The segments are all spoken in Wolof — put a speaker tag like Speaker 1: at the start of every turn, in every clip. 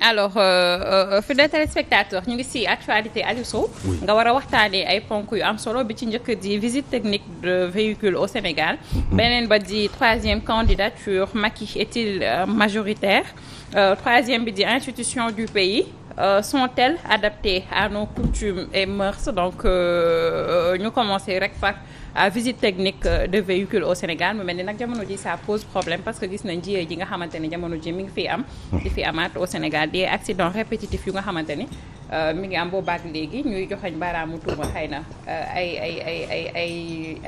Speaker 1: alors euh, euh, euh, fidèles téléspectateurs ñu ngi si actualité Aliou nga war a waxtaanee ay ponk yu am solo bi ci njëkk di visite technique de véhicule au Sénégal mhm. beneen ba di troisième candidature Macky est-il majoritaire troisième bi di institution du pays sont-elles adaptées à no coutumes et mœurs donc ñu commencer rek fa à euh, visite technique euh, de véhicule au Sénégal mu mel ni nag jamono ji ça pose problème parce que gis na jiyee ji nga xamante ne jamono ji mi ngi fiy am di fi amaat au Sénégal des accidents répétitifs yu nga xamante ni euh, mi ngi am boo baag léegi ñuy joxeñ baaraamu tuuma xay na ay ay ay ay ay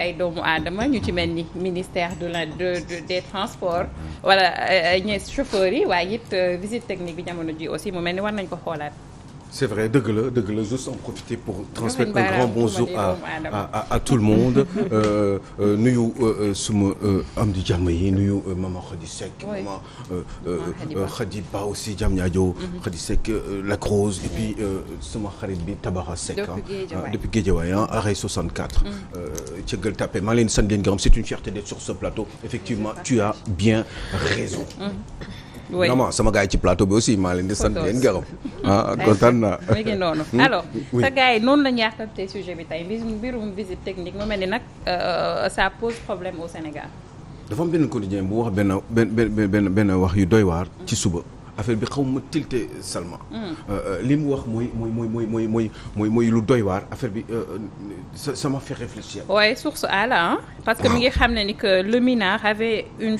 Speaker 1: ay doomu aadama ñu ci mel ni ministère de la de des transport wala ñes chauffeurs yi waaye it visite technique bi jamono ji aussi mu mel ni war nañ ko xoolaat
Speaker 2: c'est vrai dëgg la dëgg la juste en profiter pour transmettre un grand bonjour à à à tout le monde euh, euh, nuyu euh, suma am di jàmm yi nuyu maman Khady Seck maman Khady Ba aussi jàmm ñaajo mhm. Khady Seck la Croze et puis suma xarit bi Tabara Seck depuis Guédiawaye ah, arrêt 64 ci Gueule Tapée maa ngi leen sant leen gërëm c'est une fierté d'être sur ce plateau effectivement tu as bien raison
Speaker 3: mhm.
Speaker 2: vraiment sama gars yi ci plateau bi aussi maa leen di sant leen gërëm ah kontaan naa mi ngi noonu hmm? alors sa
Speaker 1: gars yi noonu la ñu yaataltee sujet bi tey mbirum visite technique mu mel ni nag euh, ça pose problème au Sénégal
Speaker 2: dafa am benn quotidien bu wax benn benn benn benn wax yu doy waar ci suba affaire bi xaw ma tilté seulement. Hmm. Euh, li mu wax mooy mooy mooy mooy mooy mooy mooy lu doy waar affaire bi sama euh, euh, fait réfléchir.
Speaker 1: waaye source à la ah. parce que mi ngi xam ne ni que le minard avait une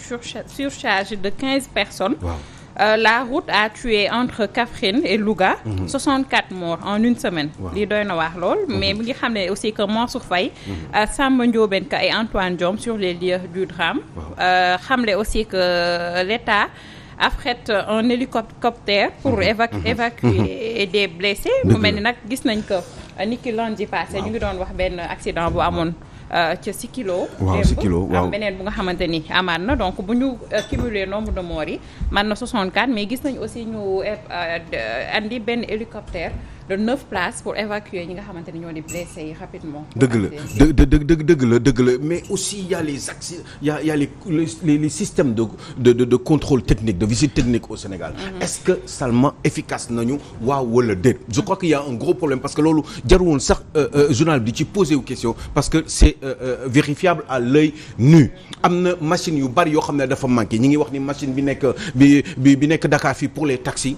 Speaker 1: surcharge de quinze personnes. waaw. Euh, la route a tué entre Kaffrine et Louga. Mm -hmm. 64 morts en une semaine. li doy na wax lool. mais mhm. mi ngi xam ne aussi que Mansour Faye. Mhm. Samba Ndiobène Ka et Antoine Diome sur les lieux du drame. xam wow. euh, ne aussi que l'État affrète euh, un hélicoptère pour mhm. éva mhm. évacuer mhm. des blessés mu mel ni nag gis nañ ko ni ki lundi passé ñu ngi doon wax benn accident bu amoon euh, ca Sikilo kilo Sikilo waaw beneen bu nga xamante ni amaat na donc bu ñu euh, cumuler nombre de morts yi man na 64 mais gis nañ aussi ñu indi benn hélicoptère de neuf places pour évacuer ñi nga xamante ni ñoo di blessé
Speaker 2: dëgg la dë dëgg la dëgg la mais aussi il y a les accès il y de de de contrôle technique de visite technique au Sénégal. Mm-hmm. est-ce que seulement efficace nañu waaw wala déet. je crois qu'il y un gros problème parce que loolu jarul sax euh, euh, journal bi di ci poser wu question parce que c'est euh, vérifiable à l'œil nu am na machine yu bari yoo xam ne dafa manqué ñi ngi wax ni machine bi nekk bi bi nekk Dakar fii pour les taxis.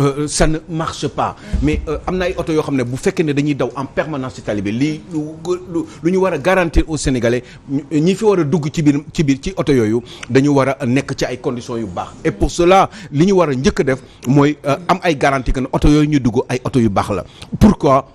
Speaker 2: Euh, euh, ça ne marche pas mais euh, am na ay oto yoo xam ne bu fekkee ne dañuy daw en permanence ci tali bi lii lu ñu war a garantir aux Sénégalais ñi fi war a dugg ci biir ci biir ci oto yooyu dañu war a nekk ci ay conditions yu baax et pour cela li ñu war a njëkk a def mooy euh, am ay garantie que ne oto yooyu ñu dugg ay oto yu baax la pourquoi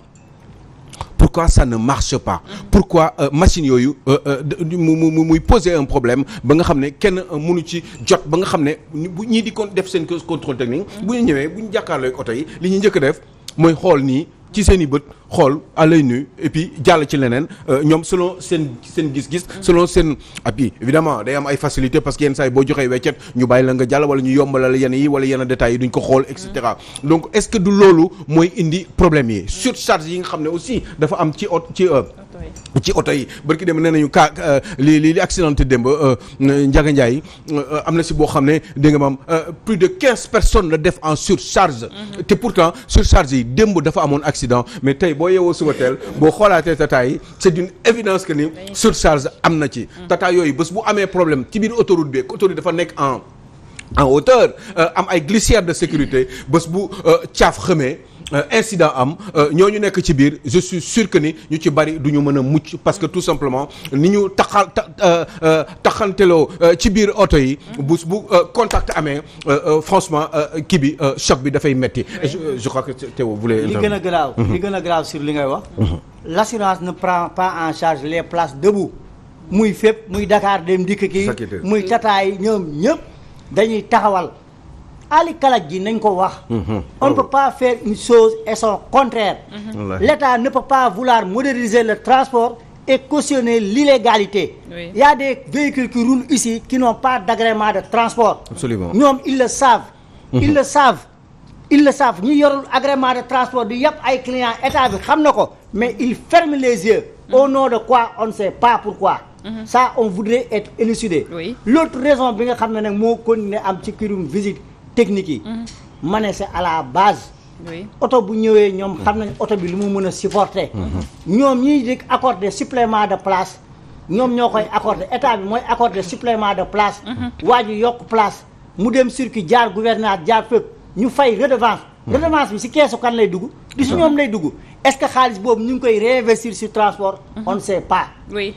Speaker 2: pourquoi ça ne marche pas pourquoi euh, machine yooyu euh, euh, mu mu muy poser un problème ba nga xam ne kenn mënu ci jot ba nga xam ne bu ñii di kon def seen contrôle technique bu ñu ñëwee bu ñu jàkkaarloo ak yi li ñu njëkk def mooy xool nii ci seen i bët xool à l'œil nu et puis jàll ci leneen euh, ñoom selon seen seen gis-gis selon seen appui évidemment day am ay facilité parce que yenn saa yi boo joxee weccet ñu bàyyi la nga jàll wala ñu yombalal yenn yi wala yenn détails yi duñ ko xool et cetera donc est-ce que du loolu mooy indi problème yi surcharge yi nga xam ne aussi dafa am ci ot ci euh, ci oto yi barki dem nee nañu kaa euh, li li li accidenté démb Ndiaga Ndiaye am na si boo xam ne dégg nga maam plus de quinze personnes la def en surcharge mm-hmm. te pourtant surcharge yi démb dafa amoon accident mais tey boo yeewoo suba teel boo xoolaatee tata yi c'est d'une évidence que ni surcharge am na ci tata yooyu bés bu amee problème ci biir autoroute bi autoroute dafa nekk en en hauteur euh, am ay glissières de sécurité bés bu euh, caaf xëmee Euh, incident am euh, ñoo ñu nekk ci biir je suis sûr que ni ñu ci bari du ñu mën a mucc parce que tout simplement ni ñu taxal euh, taxanteloo ci biir oto yi. bu bu contact amee franchement kii bi choc bi dafay metti. je crois que Théo voulait. li gën a grave li mhm. gën a grave sur li ngay wax. Mhm.
Speaker 4: l'assurance ne prend pas en charge les place debout. muy fépp muy Dakar dem dikk kii muy tataay ñoom ñëpp dañuy taxawal. Ali Kalaj ji nañ ko wax. Mhm. on ne peut pas faire une chose et son contraire. Mhm. l'État ne peut pas moderniser le transport. et cautionner l'illégalité. Oui. Il y a des véhicules qui roulent ici d'agrément de transport. Absolument. ñoom ils le savent. Mhm. ils le savent. ils le savent ñu yorul agrément de transport di yàpp ay clients état bi xam na ko mais ils ferment les yeux. au nom de quoi on ne sait pour pourquoi. ça on voudrait être élucidé. Oui. l'autre raison bi nga xam ne nag moo continuer am ci kirum visite. technique yi. Mhm. ma ne c'est à la base. oto bu ñëwee ñoom xam nañ oto bi lu mu mën a supporter. Mhm. ñoom ñuy di accorder supplément de place ñoom ñoo koy accorder état bi mooy accorder supplément de place. Mhm. waa ji yokk place mu dem circuit jaar gouvernance jaar fépp ñu fay redevance. redevance bi si keesu kan lay dugg. di si ñoom lay dugg est-ce que xaalis boobu ñu ngi koy réinvestir su transport. on ne sait pas. oui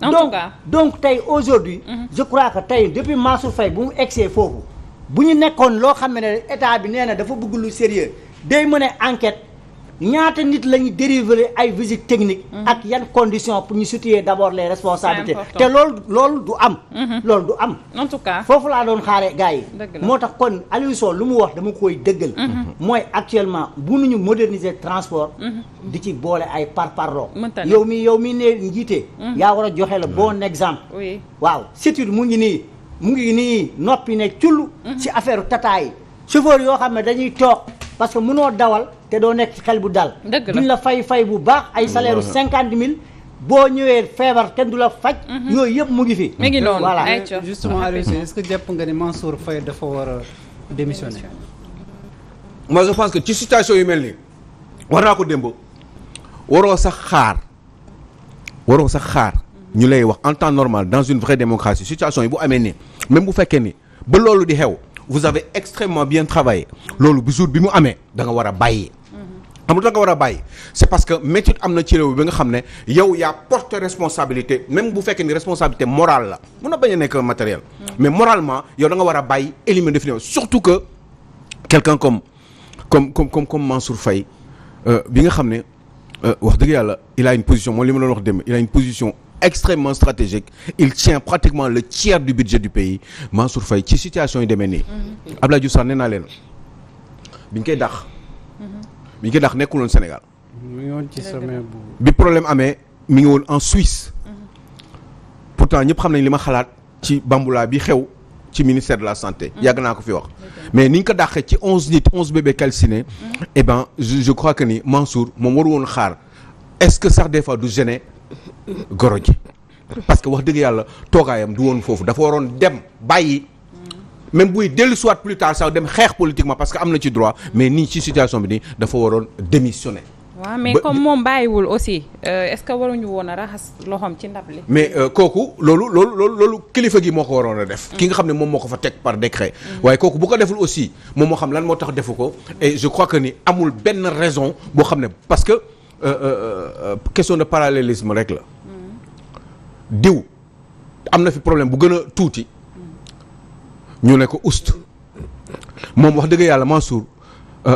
Speaker 4: donc, tout cas donc tey aujourd'hui je crois que tey depuis Mansour fay bu mu egsee foofu. bu ñu nekkoon loo xam ne état bi nee na dafa bëgg lu sérieux day mën a enquête ñaata nit la ñu dérivé ay visite technique mhm. ak yan condition pour ñu situer d' abord les responsabilités te lool lool du am mhm. lool du am en tout foofu laa doon xaare gars yi moo tax kon Aliou Sow lu mu wax dama koy dëggal mhm. mooy actuellement bu nu ñu moderniser transport di ci boole ay par parloo yow mi yow mi ne njiite yaa war a joxe la bon exemple waaw surtout mu ngi nii mu ngi nii noppi ne cull ci affaire tata yi chauffeur yoo xam ne dañuy toog parce que mënoo dawal te doo nekk xel bu dal duñ la fay fay bu baax ay salaire u cinquante mille boo ñëwee feebar kenn du la faj mhm. yooyu yëpp mu ngi fi mi ngi noonu voilà justement
Speaker 5: Aliou est-ce que jàpp nga ni Mansour Faye dafa war a démissionner
Speaker 2: moi je pense que ci situation yi mel nii war naa ko démb waroo sax xaar waroo sax xaar ñu lay wax en temps normal dans une vraie démocratie situation yi bu amee nii même bu fekkee ni ba loolu di xew vous avez extrêmement bien travaillé loolu bu jour bi mu amee da nga war a bàyyi. am nga da nga war a bàyyi c'est parce que métier am na ci réew bi nga xam ne yow yaa porte responsabilité même bu fekkee ni responsabilité morale la mun na bañ a nekk matériel. Mhm. mais moralement yow da nga war a bàyyi éliminer définitivement surtout que quelqu'un comme comme comme comme comme Mansour Faye euh, bi nga xam ne euh, wax dëgg yàlla il a une position moom li ma doon wax démb il position. extrêmement stratégique il tient pratiquement le tiers du budget du pays Mansour Faye ci situation yi demee nii. Mhm. Abdoulaye Diouf Sarr nee naa leen bi ñu koy dax mhm. bi ñu koy dàq nekkul woon Sénégal. bi problème amee mi ngi woon en Suisse. Mhm. pourtant ñëpp xam nañ li ma xalaat ci bambula bi xew ci ministère de la santé. yàgg naa ko fi wax mais ni ñu ko dàqee ci onze nit onze bébés calcinés. eh ben je crois que ni Mansour moom waru woon xaar est-ce que sax des fois du gêner. goro ji parce que wax dëgg yàlla toogaayam du woon foofu dafa waroon dem bàyyi même buy dellu soit plus tard sax dem xeex politiquement parce que am na ci droit mais nii ci situation bi nii dafa waroon démissionner.
Speaker 1: waaw mais comme moom bàyyiwul aussi euh, est-ce que waruñu woon a raxas loxoom ci ndab li.
Speaker 2: mais euh, kooku loolu loolu loolu loolu kilifa gi moo ko waroon a def. ki nga xam ne moom moo ko fa teg par décret. Mm. waaye kooku bu ko deful aussi moom moo xam lan moo tax defu ko. et benn raison boo Euh, euh, euh, question de parallélisme rek la. diw am na fi problème bu gën a tuuti. ñu ne ko ust moom wax dëgg yàlla Mansour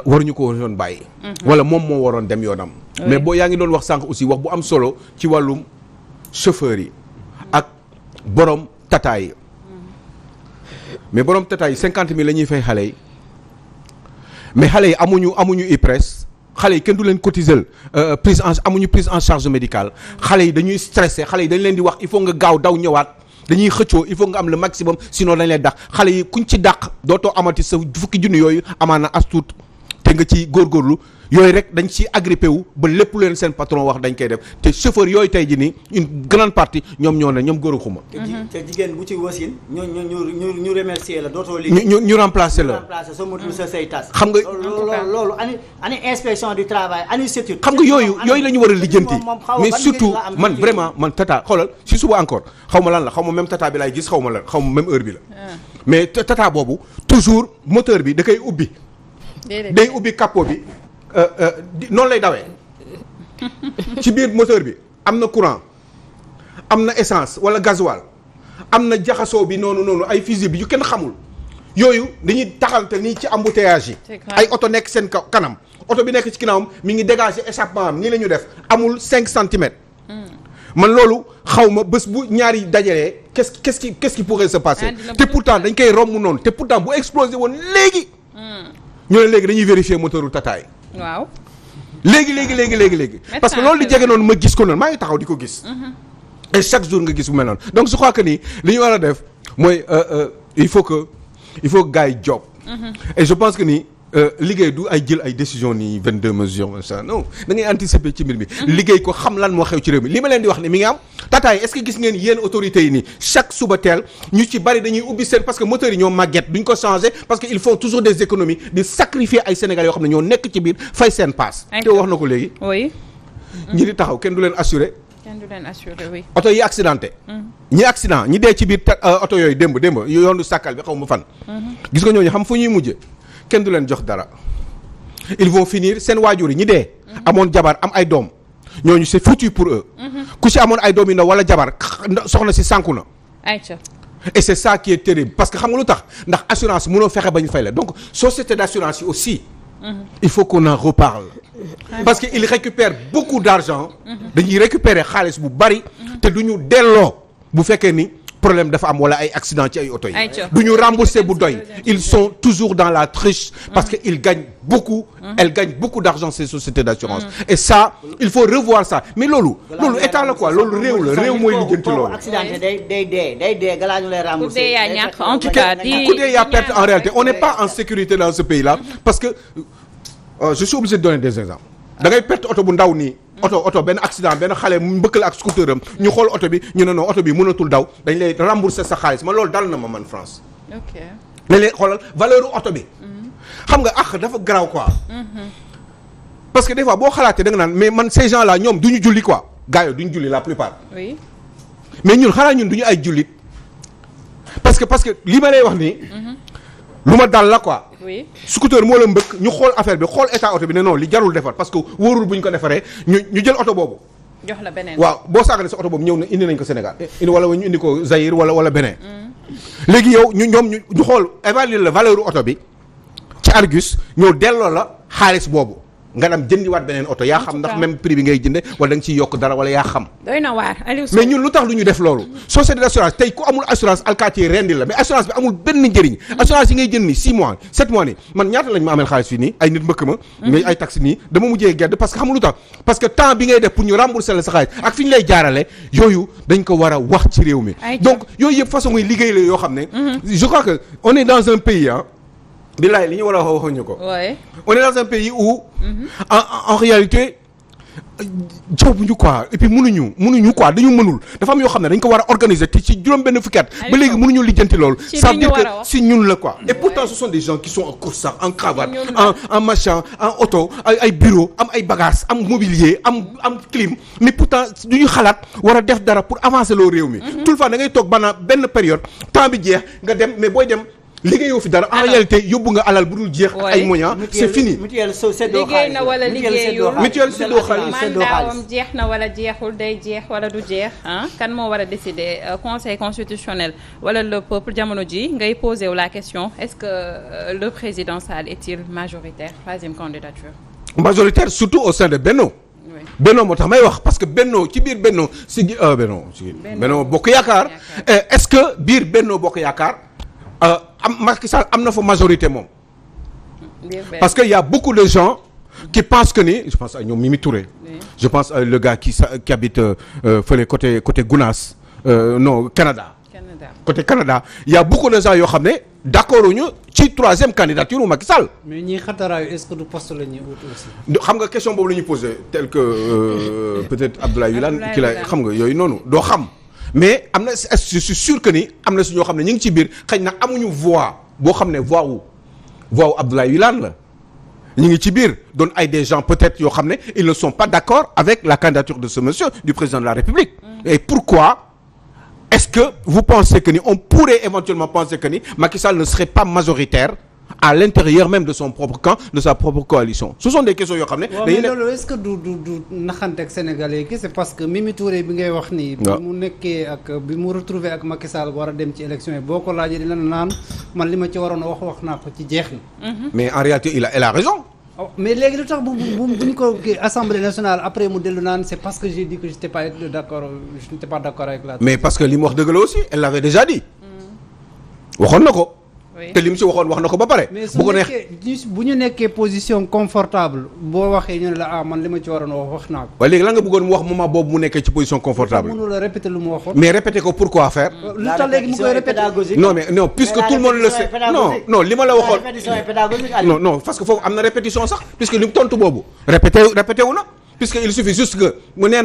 Speaker 2: waruñu ko waroon bàyyi. Mhm. wala moom moo waroon dem yoonam. mais boo yaa ngi doon wax sànq aussi wax bu am solo ci wàllum chauffeur yi ak borom tata mhm. mais borom tata yi cinquante mille la ñuy fay xale mais xale yi amuñu amuñu IPRES. xale yi kenn du leen cotiser euh, prise en amuñu prise en charge médicale xale yi dañuy stressé xale yi dañ leen di wax il faut nga gaaw daw ñëwaat dañuy xëccoo il faut nga am le maximum sinon dañ lay dàq xale yi kuñ ci dàq dootoo amati sa fukki junni yooyu amaana as tuut te nga ci góorgóorlu yooyu rek dañ ci agrippé wu ba lépp lu leen seen patron wax dañ koy def te chauffeur yooyu tey ji ni une grande partie ñoom ñoo ne ñoom góor a xuma.
Speaker 4: te jigéen bu ñu ñu ñu ñu remercier la dootoo liggéey. ñu ñu remplacer la remplacer soo loolu loolu ani ani inspection du travail ani xam nga yooyu yooyu la war a lijjanti mais surtout man
Speaker 2: vraiment man tata xoolal si suba encore xaw ma lan la xaw ma même tata bi laay gis xaw ma lan xaw ma même heure bi la. Ah. mais tata boobu toujours moteur bi da koy ubbi. day ubbi capot bi. Euh, euh, noonu lay dawee ci biir moteur bi am na courant am na essence wala gasoil am na jaxasoo bi noonu noonu ay bi yu kenn xamul yooyu dañuy taxal te nii ci embouteillage yi ay oto nekk seen kaw kanam oto bi nekk ci ginnaawam mi ngi dégager échappement am nii la ñu def amul cinq centimètres hmm. man loolu xaw ma bés bu ñaari dajalee qu'est-ce qu'est-ce qui qu'est-ce qui pourrait se passer ah, te pourtant dañ koy romb noonu te pourtant bu explosé woon léegi hmm. ñu ne léegi dañuy vérifier moteuru tataay waaw léegi léegi léegi léegi léegi parce que loolu di jege noonu ma gis ko noonu maa ngi taxaw di ko gis
Speaker 3: mm-hmm.
Speaker 2: et chaque jour nga gis bu mel noonu donc je crois que nii li ñu war a def mooy euh, euh, il faut que il faut que gars yi job mm-hmm. et je pense que nii Euh, liggéey du ay jël ay décision ni 22 mesures ça non da ngay anticiper ci mbir mi. Mm-hmm. liggéey ko xam lan moo xew ci réew mi li ma leen di wax ne mi ngi am tataay est-ce gis ngeen yéen autorités yi nii sacrifier ay Sénégalais yoo xam ne ñoo nekk ci biir fay seen paas. te wax na ko léegi. ñi di taxaw kenn du leen assuré. kenn yi accidenté. Mm-hmm. ñi accident ñi dee ci biir euh, oto yooyu démb démb yoonu sàkkal bi xaw ma fan. Mm-hmm. gis nga ñooñu xam fu ñuy mujjee. kenn du leen jox dara ils vont finir seen waajur yi ñi dee amoon jabar am ay doom ñoo ñu c'est foutu pour eux mhm. ku si amoon ay doom yi ndaw wala jabar soxna si sànku na et c'est ça qui est terrible parce que xam nga tax ndax assurance mënoo fexe ba ñu fay la donc société d'assurance yi aussi mhm. il faut qu'on en la parce que ils récupèrent beaucoup d'argent mhm. dañuy récupérer xaalis bu bari te du ñu delloo bu fekkee ni problème dafa am wala ay accident ci yi du ñu remboursé bu doy ils sont toujours dans la triche parce que ils gagnent beaucoup mm-hmm. d'argent ces sociétés d'assurance mm-hmm. et ça il faut revoir ça mais loolu loolu état la quoi loolu réew la réew mooy lijjanti loolu
Speaker 4: accidenté day day dee ku dee yaa ñàkk en tout cas ku dee
Speaker 2: yaa perte en réalité on n'est pas en sécurité dans ce pays là mm-hmm. parce que euh, je suis obligé de donner des exemples da ngay perte oto bu ndaw nii oto oto benn accident benn xale mbëkkal ak scooter ñu xool oto bi ñu ne non oto bi mënatul daw dañ lay rembourser sa xaalis ma loolu dal na ma man France. ok ne leen xoolal valeur oto bi. Mm-hmm. xam nga ah dafa garaaw quoi. Mm-hmm. parce que des fois boo xalaatee danga naan mais man ces gens ñoom du ñu julli quoi gars du ñu julli la plupart. oui mais ñun xanaa ñun du ñu ay jullit parce que parce que li ma lay wax nii. Mm-hmm. lu ma dal la quoi. oui scooter moo la mbëkk ñu xool affaire bi xool état oto bi ne non li jarul defar parce que wóorul bu ñu ko defaree ñu jël oto boobu. waaw boo saagalee sa oto boobu ñëw na indi nañ ko Sénégal eh, indi wala ñu indi ko Zaïre wala wala beneen. Mm. léegi yow ñu ñoom ñu xool évaluer valeur oto bi ci Argus ñëw delloo la xaalis boobu. nga dem jëndiwaat beneen oto yaa xam ndax même prix bi ngay jënde wala da nga yokk dara wala yaa xam
Speaker 1: mais
Speaker 2: ñun lu tax lu ñu def loolu société d'assurance tey ku amul assurance alkaati rendi la mais assurance bi amul benn njëriñ mm-hmm. assurance yi ngay jënd ni 6 mois 7 mois ni man ñaata lañ ma ameel xaalis fii nii ay nit mbëkk ma ngay mm-hmm. ay taxi nii dama mujjee gedd parce que xam lu tax parce que temps bi ngay def pour ñu rembourser la sa xaalis ak a wax ci réew yooyu yëpp façon ngay yoo xam billaay li ñu war a waxoon ñu ko. waaye on est dans un pays où. Mm-hmm. en en réalité. jawbuñu quoi et puis mënuñu mënuñu quoi dañu mënul dafa am yoo xam ne dañ ko war a organiser te ci juróom benn fukki at ba léegi mënuñu lijjanti lool ça veut dire que si ñun la quoi et pourtant ce sont des gens qui sont en costard en cravate en machin en auto ay ay bureau am ay bagages am mobilier am am clim mais pourtant du ñu xalaat war a def dara pour avancer loo réew mi mm-hmm. tout le temps da ngay toog bana benn période temps bi jeex nga dem mais booy dem liggéeyoo fi dara en réalité yóbbu nga alal bu dul jeex. ay moña c'est fini. mutuelle liggéey
Speaker 1: na wala liggéeyoo mutuelle séddoo xaalis mandaawam jeex na wala jeexul day jeex wala du jeex. kan moo war a décider euh, conseil constitutionnel wala le peuple jamono ji ngay posé wu la question est-ce que euh, le président Sall est-il majoritaire troisième candidature.
Speaker 2: majoritaire surtout au sein de Benno. Benno moo tax may wax parce que Benno ci biir Benno si euh, Benno. Bokk Yaakaar est-ce que biir Benno Bokk Yaakaar. Euh, am Macky Sall am na fa majorité moom. parce que y a beaucoup de gens. qui pensent que ni je pense ay ñoom mi mi Touré. je pense ay le gars qui sa qui habite euh, euh, fële côté côté Gounass non Canada. Canada côté Canada y a beaucoup de gens yoo xam ne d' accord ñu ci troisième candidature u Macky Sall.
Speaker 5: mais ñi xataraayu est que du poste
Speaker 2: xam nga question boobu la ñuy posé tel que peut être Abdoulaye Wilane. Abdoulaye Wilane la xam nga yooyu noonu doo xam. mais am na je suis sûr que ni am na si ñoo xam ne ñu ngi ci biir xëy na amuñu voix bo xam ne voix wu voix wu Abdoulaye Wilane la ñu ngi ci biir doon ay des gens peut-être yoo xam ne ils ne sont pas d'accord avec la candidature de ce monsieur du président de la République mm. et pourquoi est-ce que vous pensez que ni on pourrait éventuellement penser que ni Macky Sall ne serait pas majoritaire à l'intérieur même de son propre camp de sa propre coalition ce sont des questions yoo xam ne.
Speaker 5: loolu est-ce que du du naxante ak sénégalais yi c'est parce que Mimi Touré bi ngay wax nii. bi mu nekkee ak bi mu retrouvé ak Macky war a dem ci élection yi boo ko la dina naan man li ma ci waroon wax wax naa ko ci jeex na.
Speaker 3: Mhm.
Speaker 2: mais en réalité il a elle a raison.
Speaker 5: Oh, mais léegi lu tax bu bu buñ ko assemblée nationale après mu dellu naan c'est parce que j'ai dit que j'étais pas
Speaker 2: te li mu si waxoon wax na ko ba pare. bu ko
Speaker 5: bu ñu nekkee position confortable boo waxee ñu ne la ah man li ma ci waroon wax wax naa ko.
Speaker 2: waaye léegi lan nga mu wax moment boobu mu nekkee ci position confortable. mais répéter ko pourquoi faire. lu tax léegi mu koy répéter non puisque tout le le sait non non li ma la waxoon. non non parce que foofu am na répétition sax puisque li mu tontu boobu répété répété na. puisque il suffit juste que mu nee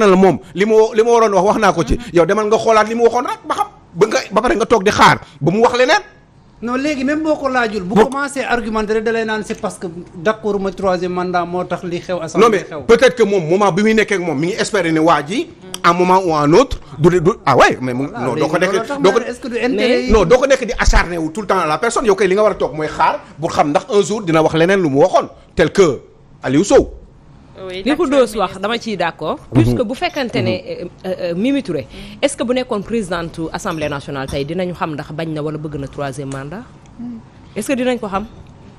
Speaker 5: non léegi même boo ko laajul. bu commencé argumenter da lay naan c'est parce que d'accord ma troisième mandat moo tax li xew. assemblée xew mais
Speaker 2: peut-être que moom moment bi muy nekkee moom mi ngi espérer ne waa ji. un moment ou un autre. du du ah ouais mais mu non doo ko nekk doo ko
Speaker 5: est-ce que du intérêt non doo
Speaker 2: ko nekk di acharné wu tout le temps à la personne yow kay li nga war a toog mooy xaar bu xam ndax un jour dina wax leneen lu mu waxoon tel que
Speaker 6: li Khoudoss wax dama ciy d'accord mhm. puisque bu fekkante ne mhm. euh, euh, euh, Mimi Touré mhm. est-ce que bu nekkoon présidente assemblée nationale tey dinañu xam ndax bañ na wala bëgg na troisième mandat est-ce que dinañ ko xam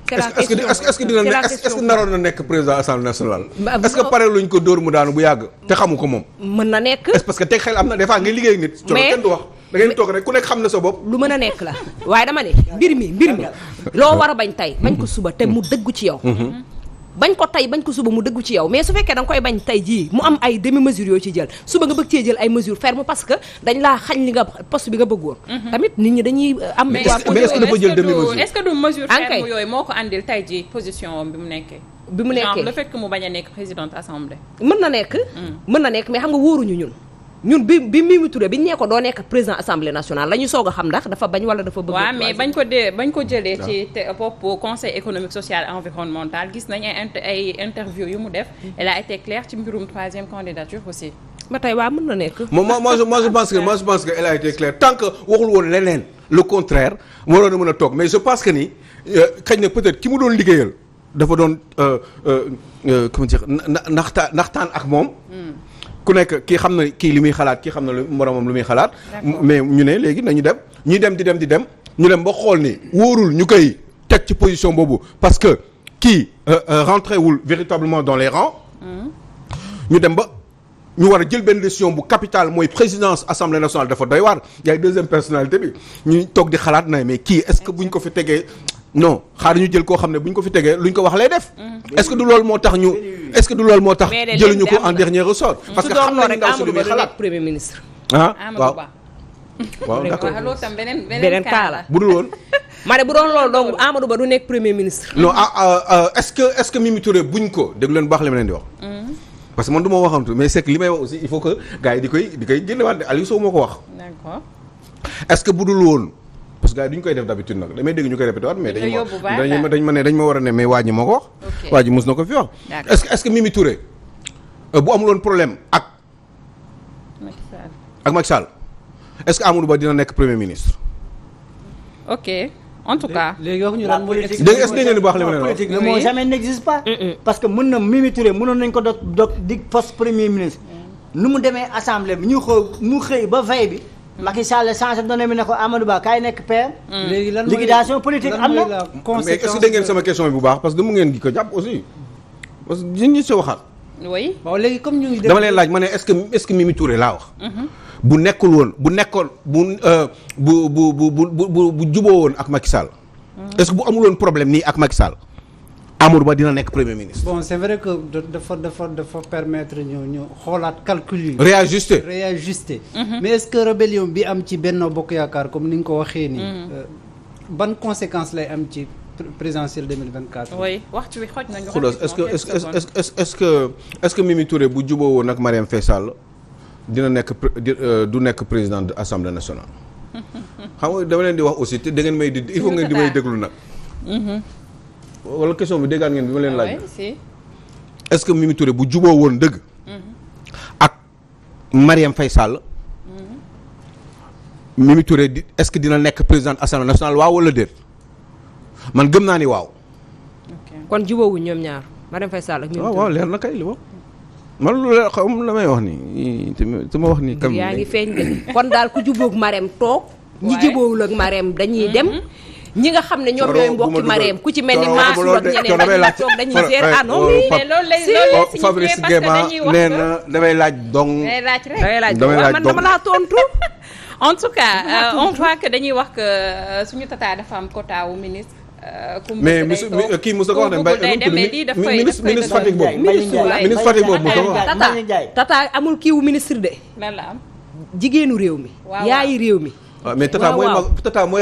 Speaker 6: c'est la question est-ce que dina
Speaker 2: nekk président assemblée nationale est-ce que pare luñ ko dóor mu daanu bu yàgg te xamu ko moom
Speaker 6: mën na nekk
Speaker 2: est-ce parce que te xel am na des fois ngay liggéey nit coono kenn du wax da ngeen toog rek ku nekk xam na sa bopp lu mën a nekk
Speaker 6: la waaye dama ne mbir mi mbir mi loo war a bañ tey bañ ko suba te mu dëggu ci yow bañ ko tey bañ ko suba mu dëggu ci yow mais su fekkee da koy bañ tey jii mu am ay demi mesures yoo ci jël suba nga bëgg cee jël ay mesures ferme parce que dañ laa xañ li nga poste bi nga bëggoon mhm. tamit nit ñi dañuy euh, am mais est-ce que dafa jël demi
Speaker 1: mesure est yooyu moo ko àndil tey jii position bi mu nekkee bi mu nekkee le mu bañ a nekk président assemblée
Speaker 6: mën na nekk hmm. mën na nekk mais xam nga wóoruñu ñun ñun bi bi Mimi Touré bi ñu nee ko doo nekk président assemblée nationale la ñu a xam ndax dafa bañ wala dafa bëgg.
Speaker 1: waaw mais bañ ko dee bañ ko jëlee. ci bopp conseil économique social et environnemental gis nañ ay ay interview yu mu def. Mm-hmm. elle a été claire ci mbirum troisième candidature aussi. ba tey waa
Speaker 6: mën na nekk. moom moo je
Speaker 2: moi je pense que moi je na mais je pense que ni euh, na peut-être ki mu doon liggéeyal dafa doon euh, euh, comment dire naxtaan naxtaan ak moom. Mm. ku nekk kii xam na kii li muy xalaat kii xam na lu moromam lu muy xalaat. mais ñu ne léegi nañu dem ñuy dem di dem di dem ñu dem ba xool ni wóorul ñu koy teg ci position boobu parce que kii euh, euh, rentré wul véritablement dans les rangs. Hmm. ñu dem ba. ñu war a jël benn décision bu capitale mooy présidence assemblée nationale dafa doy waar yaay deuxième personnalité bi ñu toog di xalaat na mais kii est-ce que bu ñu ko fi tegee non xaar ñu jël koo xam ne bu ñu ko fi tegee luñ ko wax lay def. Mm-hmm. est-ce que du loolu moo tax ñu. est-ce que du loolu moo tax jëluñu ko en dernier ressort. Mm-hmm. parce que xam nañ ndaw si lu muy ah, ah,
Speaker 1: tam beneen
Speaker 6: beneen la bu dul woon. ma ne doon loolu donc Ba du nekk premier ministre. non
Speaker 2: ah, ah est-ce ko déglu leen wax. Mm-hmm. parce que man du ma waxantu mais c'est que li may wax aussi il faut que gars di koy di koy génnewaat Aliou Sow moo ko wax. d'accord que bu du lool parce que gars yi def d'habitude nag damay ma dañ ma ne dañ a ne mais na ko fi wax est que est-ce que Mimi Touré euh, problème ak ak que Amadou Ba dina nekk premier ministre
Speaker 4: en tout cas léegi waxuñu lan politique est-ce que dégg ngeen bu baax li ma leen wax politique moo jamais n'existe eh, eh. que mën na Mimi Touré mënoon nañ ko dog dog di poste premier ministre mm. nu mu demee assemblée bi ñu xoo mu xëy ba veille bi Macky Sall changé donné mi ne ko Amadou Ba kaay nekk PM.
Speaker 5: Hmm. léegi lan
Speaker 2: mooy liquidation politique am na. mais est-ce que dégg ngeen sama question bi bu baax parce que mu ngeen gi ko jàpp
Speaker 5: léegi comme ñu dama leen
Speaker 2: laaj ma ne est-ce que est-ce que Mimi Touré laa wax. Mhm. bu nekkul woon bu nekkoon bu euh, bu bu bu bu bu juboo woon ak Macky Sall. Hmm. est-ce bu amul woon problème nii ak Macky Sall. Amadou Ba dina nekk premier ministre.
Speaker 5: bon c'est vrai que dafa dafa dafa permettre ñu ñu xoolaat calcul yi. réajuster réajuster. Mhm. mais est-ce que rébellion bi am ci Benno Bokk Yaakaar comme ni nga ko waxee nii. Mhm. Euh, ban conséquence lay am ci présidentielle 2024. oui
Speaker 1: waxtu wi xoj nañu. xulóos est-ce que est-ce
Speaker 2: est-ce que est-ce que Mimi Touré bu juboo woon ak Marième dina nekk euh, du nekk président de assemblée nationale. xam nga dama leen di wax aussi te da ngeen may di il faut ngeen di may déglu nag. Mhm. wala question bi déggaat ngeen bi ma leen laaj. Ah est-ce que Mimi bu juboo woon dëgg.
Speaker 3: Mm-hmm. ak
Speaker 2: Mariam Faye Sall. Mm-hmm. Mimi di est-ce que dina nekk président assemblée nationale waaw wala déet man gëm naa ni waaw.
Speaker 6: kon jubóowu ñoom ñaar Mariam Faye Sall ak. Mimi ah, waaw leer na kay li wax
Speaker 2: man lu la xaw la may wax nii te ma wax nii. kam
Speaker 6: kon daal ku jubóog Mariam toog. ñi jubóowul ak Mariam dañuy dem. Mm-hmm. ñi nga xam ne ñoom ñooy mbokki mareem ku ci mel ni Mansour ak ñeneen ak toog dañuy seer ah non mais loolu lay loolu oh, Fabrice Guéma nee na
Speaker 2: damay laaj dong damay laaj rek damay laaj dong ah, man dama laa
Speaker 1: tontu en tout cas euh, on voit que dañuy wax que euh, suñu tata dafa am quota wu ministre euh,
Speaker 2: mais monsieur kii Moussa ko wax ne mbay ministre ministre Fatick boobu ministre Fatick boobu Moussa ko
Speaker 6: wax tata amul kiiwu ministre de lan la am
Speaker 2: jigéenu réew mi yaayi réew mi ah, mais tata mooy tata mooy